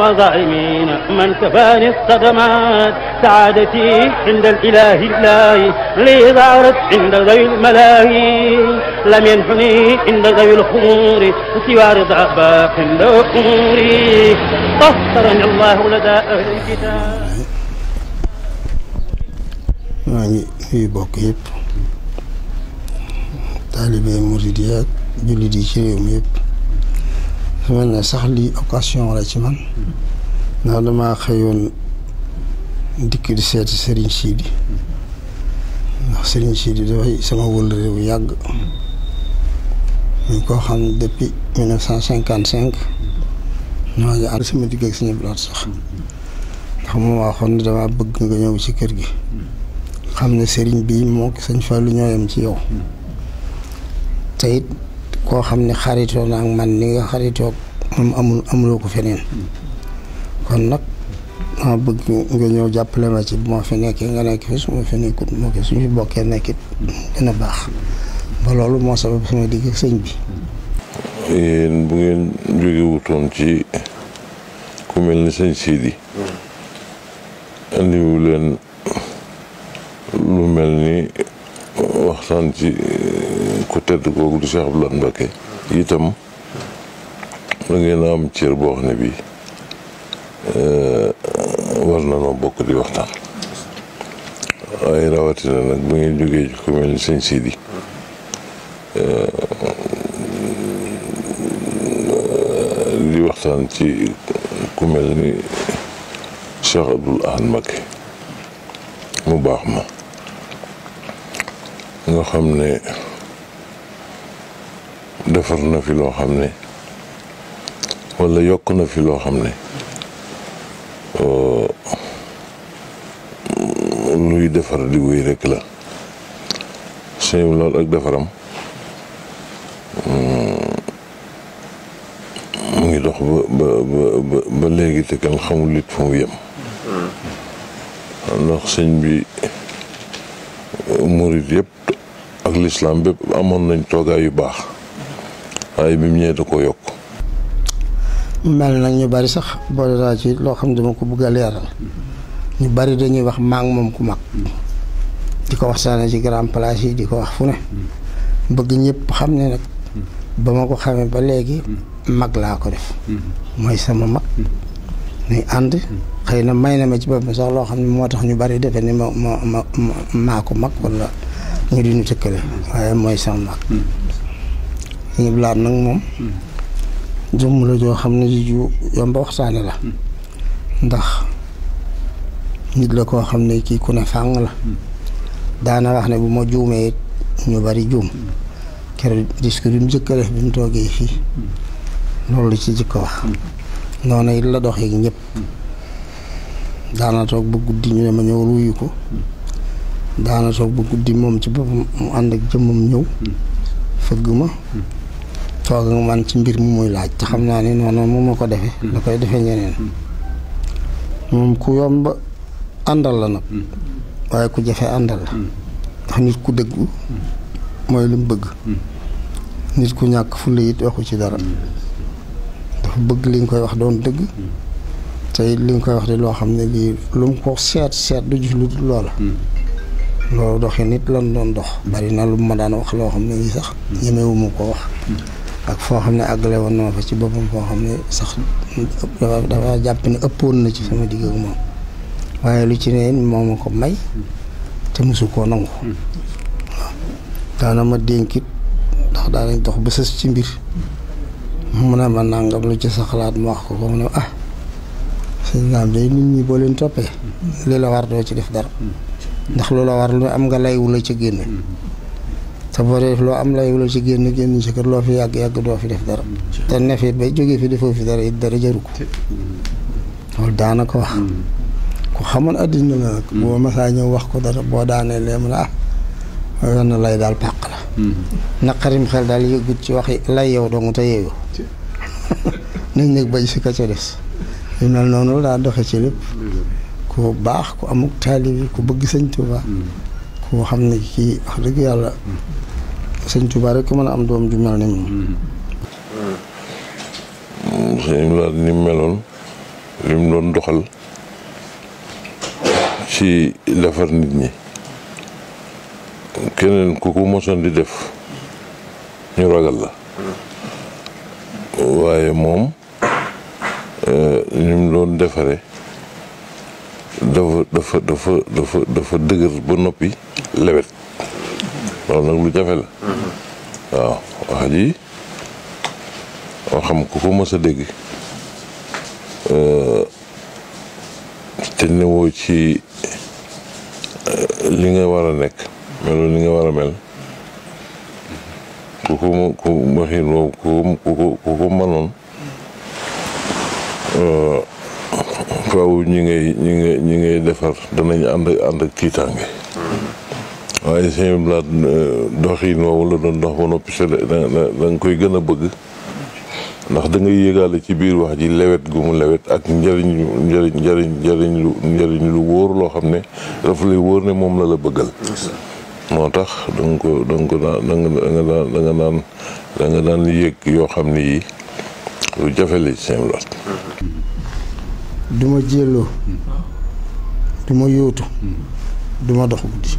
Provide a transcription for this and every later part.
وظالمين من كفاني الصدمات سعادتي عند الإله الله لي ظهرت عند ذوي الملاهي لم ينحني عند ذوي الخمور سوى رضا باق عند أموري طهرني الله لدى أهل الكتاب يعني في بوكيب طالبين مريديات جلدي شيء يب mel ne sax lii occasion la ci man ndax damaa xëyoon dikk di seeti Serigne Sidi ndax Serigne Sidi dafay sama wëllëre bu yàgg ñu ko xam ne mille neuf cent cinquante cinq ñoo ngi ànd sama digg sax ndax moom waxoon ne damaa bëgg nga ñëw ci kër gi xam ne Serigne bii moo ko Sëriñ Fallu ñoo yem ci yow te koo xam ne xaritoo na man ni nga xaritoo moom amul amuloo ko feneen kon nag ma bëgg nga ñëw jàppale ma ci bu ma fi nekkee nga nekk fi su ma fi moo ko suñu bokkee nekkit dina baax ba loolu moo sabab suma digg sëñ bi yéen bu ngeen jóge ci ku mel ni sëñ Sidi andiwu lu mel ni waxtaan ci ku tedd googu du Cheikh Abdoulaye Mbacké itam da ngeen am cër boo xam ne bii eh, war na noo bokk di waxtaan waaye rawatina nag bu ngeen jógee ci ku mel ni sëñ Sidi eh, ci ku mel Ahad Mbacké mu baax ma nga xam ne defar na fi loo xam ne walla yokk na fi loo xam ne euh, luy defar di wéy rekk la suñu lool ak defaram hmm, mu ngi dox ba ba ba léegi te kenn xamul it fu mu yem hmm. ndax sëñ bi murit yëpp ak lislaam bépp amoon nañ toogaay yu baax waaye bii mu ñëwee da koo yokk. mel na ñu bari sax boole naa ci loo xam ne dama ko bëgg a leeral ñu bari dañuy wax maak moom ku mag di ko waxtaanee ci grand place yi di ko wax fu ne bëgg ñépp xam ne nag ba ma ko xamee ba léegi mag laa ko def mooy sama mag ñuy ànd xëy na may na ma ci boppam sax loo xam ne moo tax ñu bari defe ne ma ma ma maa ko mag wala ñu di ñu tëkkale waaye mooy sama mag sëñ nag moom hmm. jëmm la joo xam ne ju yomb waxtaane la hmm. ndax nit la koo xam ne kii ku ne fàng la hmm. daana wax ne bu ma juumee ñu bari juum keroog disque bi mu njëkk bi mu toogee fii loolu la ci jëkk wax noonu it la doxee ñëpp daana toog ba guddi ñu ne ñëw wuyu ko daana toog ba guddi moom ci boppam mu ànd ak jëmmam ñëw fëgg ma toog ak man ci mbir mu muy laaj te xam naa ni noonu mu ma ko defee mm. da koy defee ñeneen mm. moom ku yomb àndal la nag mm. waaye ku jafe àndal la ndax nit ku dëggu mooy lu mu bëgg nit ku ñàkk fulla it waxu ci dara dafa bëgg li nga koy wax doon dëgg te li nga koy wax di loo xam ne lii lu mu ko seet seet du gis lu dul loola loolu doxi nit lan doon dox bari na lu ma daan wax loo xam ne lii sax ñemewuma ko wax ak foo xam ne àggale woon na ma fa ci boppam foo xam ne sax dafa jàpp ne ëpp ëppoon na ci sama digg moom waaye lu ci ne moom ma ko may te mosu koo nangu waaw daana ma dénkit ndax daa dox ba sës ci mbir mu ne ma nangam lu ci sa xalaat mu wax ko ko mu ne ah sëñ naam day nit ñi boo leen toppee li la war doo ci def dara ndax lu la war lu am nga lay wu la ca sa boo def loo am la yow loo ci génn génn ci kër loo fi yàgg yàgg doo fi def dara te ne fi bay jógee fi defoo fi dara it dara jaru ko loolu daanaka wax ku xamoon addina la nag masaa ñëw wax ko dara boo daanee lee mu ne ah yoon daal pàq ci wax lay yow dong te yeewu nañ nag bay si ka ca des yu mel noonu daa doxe ci lépp ku baax ku amuk taalibi ku bëgg sëñ Tuubaa moo xam ne kii wax dëgg yàlla sëñ Tuba rek mën a am doom ju mel ni moom. sëñ Laat ni mu meloon li doon doxal ci defar nit ñi keneen ku ko mosoon di def ñu ragal la waaye moom ni eh, mu doon defare dafa dafa dafa dafa dafa dëgër ba noppi lewet loolu nag lu jafe la waaw wax ji moo xam ku ko mës a dégg euh, te newoo ci euh, li nga war a nekk melo li nga war a mel ku ko ku waxin euh, ñi ngay ñi ngay ñi ngay defar danañ ànd ànd ak waaye sëñ bi laat euh, doxin woowu la doon dox ba noppi sa da koy gën a bëgg ndax dangay ngay ci biir wax ji lewet gu mu lewet ak njëriñ njëriñ njëriñ njëriñ lu lu wóor loo xam ne dafa lay wóor ne moom la la bëggal moo tax da nga ko da nga ko daan da yoo xam ne yi lu jafe la ci seen lot jélloo du yóotu mm-hmm. du dox guddi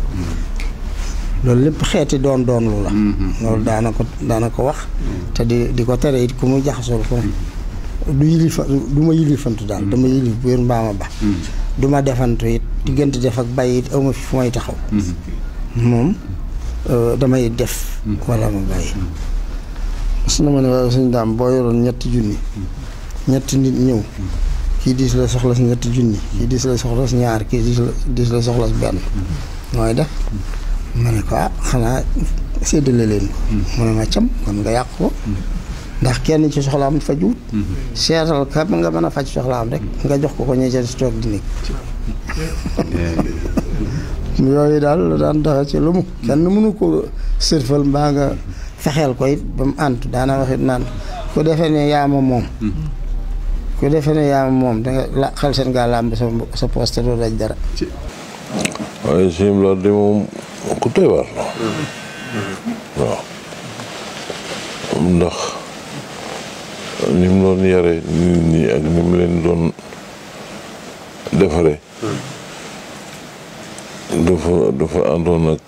loolu lépp xeeti doon doon lu la mm-hmm. loolu daana ko daana ko wax te di di ko tere it ku mu jaxasool fu mm-hmm. du yilifa ma yilifantu daal mm-hmm. dama yilif bu wér mbaama ba du ma defantu it diggante def ak bàyyi it awma fi fu may taxaw moom euh, damay def wala ma bàyyi su na ma ne waaye suñ daam boo yoroon ñetti junni ñetti nit ñëw kii diis la soxlas ñetti junni kii diis la soxlas ñaar kii diis la soxlas benn mooy def ma ne ko ah xanaa séddale leen ko. Hmm. mu ne ma cam kon nga yàq ko. Hmm. ndax kenn ci soxla am soxlaam fajuwut. Hmm. seetal ka nga mën a faj soxlaam rek nga jox ko ko ña ca toog di nekk. yooyu daal la daan taxa ci lu mu. kenn mënu ko sërfal mbaa nga fexeel koy ba mu ànt daana wax it naan ku defee ne yaama moom. ku defee ne yaama moom danga la xel seen gaa làmb sa sa poste doo daj dara. waaye Sëñ Lahad de moom ku doy waar waaw ndax ni mu doon yare nit ñi ak ni leen doon defare dafa dafa àndoon ak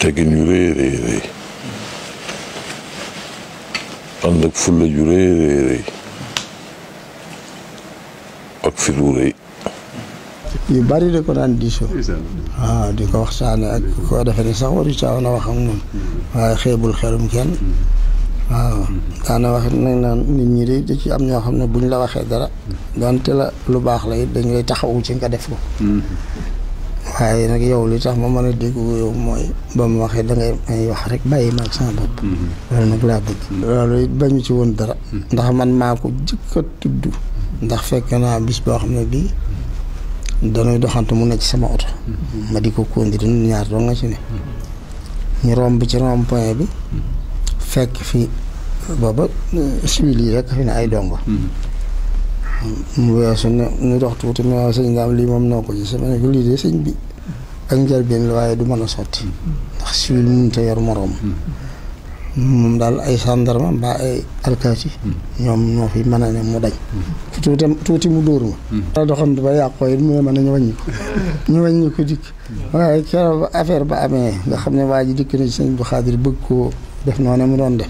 teggin yu rëy rëy rëy ànd ak fulla ju rëy rëy ak fi lu rëy yu bari da ko daan diisoo waaw ah, di ko waxtaane ak koo defe ni sax waru na woon a wax ak moom waaye xeebul xelum kenn waaw daana wax nag naan nit ñi de da ci am ñoo xam ne buñ la waxee dara donte la lu baax la it dañ lay taxawu ci nga def ko mm-hmm. waaye nag yow li tax ma mën a dégg yow mooy ba mu waxee da ngay may wax rek bàyyi ma ak sama bopp mm-hmm. loolu nag laa bëgg mm-hmm. loolu it bañu ci woon dara ndax man maa ko jëkk a tudd ndax fekk naa bis boo xam ne bii danay doxante mu ne ci sama oto mm-hmm. ma di ko conduire ñun ñaar doo nga ci ne mm-hmm. ñu romb ci rond point bi mm-hmm. fekk fi booba eh, civil yi rek fi ne ay dongo mu weesu ne ñu dox tuuti mu waaw sëñ daam lii moom noo ko gis ma ne ko lii de sëñ bi ak njëlbeen la waaye du mën a sotti ndax civil mënut a yor moroom moom daal ay gendarme mbaa ay alkaati hmm. ñoom ñoo fi mën a ne mu dañ tuuti tuuti mu dóor ma hmm. daa doxantu ba yàqoo yi mu ne mën a ñu wàññi ko ñu wàññi ko dikk hmm. waaye keroog ba amee nga xam ne waa ji dikk na ci sëñ bëgg koo def noonu mu doon def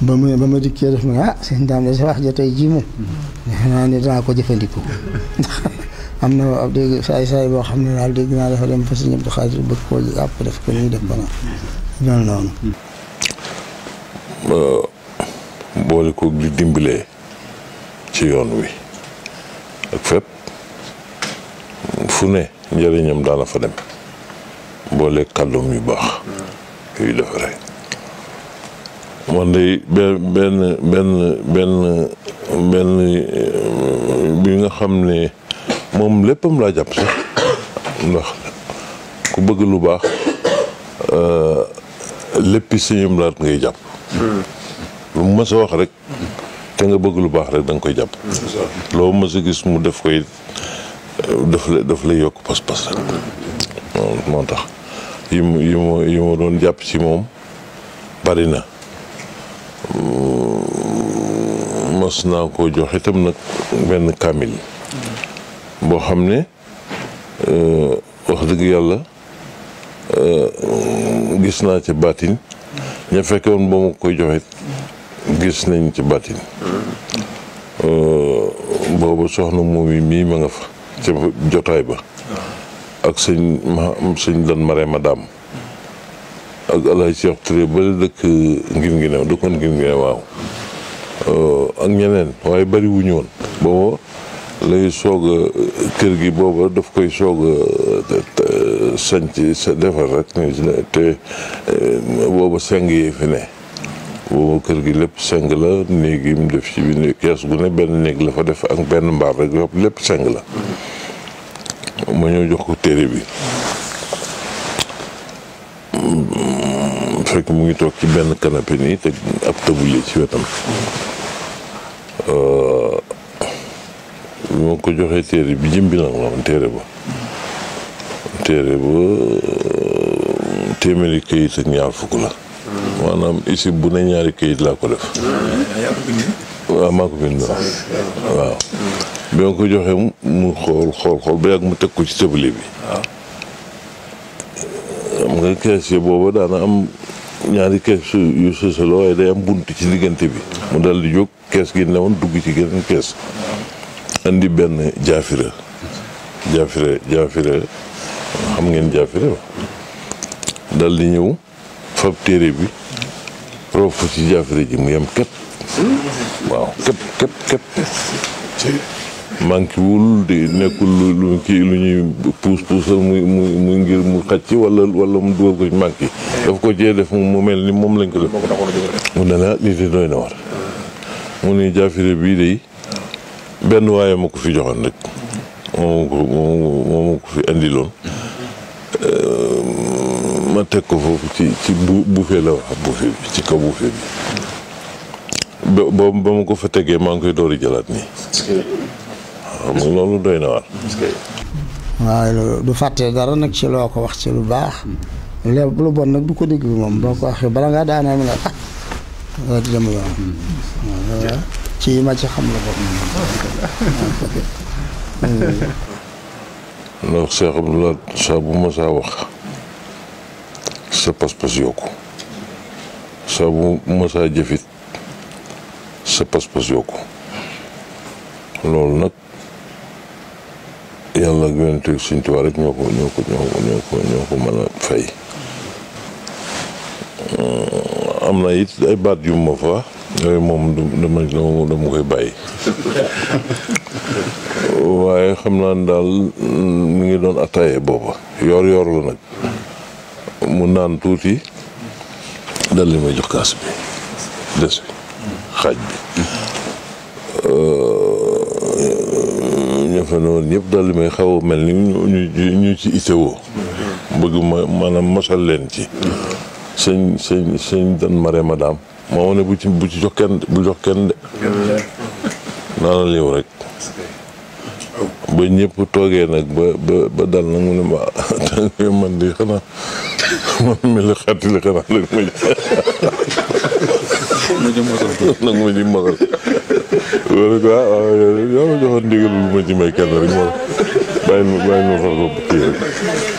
ma mu ne ah sëñ daam da sa wax ja tey jii moom defe naa ne danaa ko jëfandikoo am na ab dégg saay saay boo xam ne daal dégg naa defa dem fa sëñ bu xaadir bëgg koo jàpp def ko ñuy def bana mel noonu boole ko di dimbalee ci yoon wi ak fépp fu ne njëriñam daana fa dem boole kàllum yu baax yuy defaree nga xam ne moom léppam laa jàpp sax ndax ku bëgg lu baax euh, léppi sëñam laat ngay jàpp lu mu mës wax rek te nga bëgg lu baax rek danga koy jàpp loo mës a gis mu def koy euh, daf la daf lay yokk pas-pas rek moo tax yi mu ma yi ma doon jàpp ci moom bari na mas naa ko jox itam nag benn kaamil boo xam ne euh, wax dëgg yàlla euh, gis naa ca baatin ña fekke woon ba mu koy joxit gis nañ ci bàttin euh, boobu soxna moom yi mii ma nga fa ci jotaay ba ak sëñ ma sëñ lan mare madame ak alay Cheikh Touré bale dëkk ngir ngi new dëkkoon ngir ngi new waaw euh, ak ñeneen waaye bari woon booba lay soog a kër gi booba daf koy soog a sanc sa defar rek te eh, booba seng yi fi ne booba kër gi lépp seng la néeg yi mu def ci bi ne kees gu ne benn néeg la fa def ak benn mbaar rek yëpp lépp seng la ma ñëw jox ko téere bi fekk mu ngi toog ci benn canapé nii te ab tabulier ci wetam euh, moo ko joxee téere bi jëm nag la téere ba téere ba téeméeri këyit ak ñaar fukk la maanaam isib bu ne ñaari këyit laa ko def waaw maa ko bind waaw bi ma ko joxee mu xool xool xool ba yàgg mu teg ko ci tëbale bi am nga kees yi booba daana am ñaari kees yu sësaloo waaye day am bunt ci diggante bi mu dal di jóg kees gi ne woon dugg ci geneen kees andi benn jaafira jaafira jaafira xam ngeen jaafira dal di ñëw fab téere bi prof ci jaafira ji mu yem képp waaw képp wul di nekkul lu lu kii lu ñuy puus puusal mu muy ngir mu xacc wala mu dugal ko ci manqué yi daf ko cee def mu mel ni moom lañ ko def mu ne la lii doy na war mu ne jaafira bii day benn waaye ma ko fi joxoon rek moom ko ko fi andiloon euh, ma teg ko foofu ci ci bu bi kaw buufee bi ba ba ko fa tegee maa ngi koy door a jëlaat nii. xam nga loolu doy na waar. waaw du fàtte dara nag ci loo ko wax ci lu baax. bu lu bon nag du ko déglu moom boo ko waxee bala ngaa daanee mu ne ah. Hmm. ma ci xam la ko. ndax Cheikh Abdoulaye saa bu ma saa wax sa pas-pas yokku saa bu jëfit sa pas-pas yokku loolu nag yàlla ak yonent ak Sëñ Tuubaa rek ñoo ko ñoo ko ñoo ko ñoo ko mën a fay am na it ay baat yu ma fa yooyu moom dama dama koy bàyyi waaye xam naa ni daal mu mm, ngi doon attaaye booba yor yor la nag mu naan tuuti dal li may jox kaas bi des bi xaaj bi ñoo fa dal li may xaw mel ni ñu ñu ci itewoo bëgg ma maanaam mosal leen ci sëñ sëñ sëñ dan mare madame moo ma ne bu ci bu ci bu jox kenn de naa la liw rek ba ñëpp toogee nag ba ba ba dal nag mu ne ma tànk man mi li xatti li ma ji nag ma ji mosal loolu quoi ah, waaw yow ma joxoon ma ci may kenn rek moo bàyyi ma bàyyi ma far ko kii rek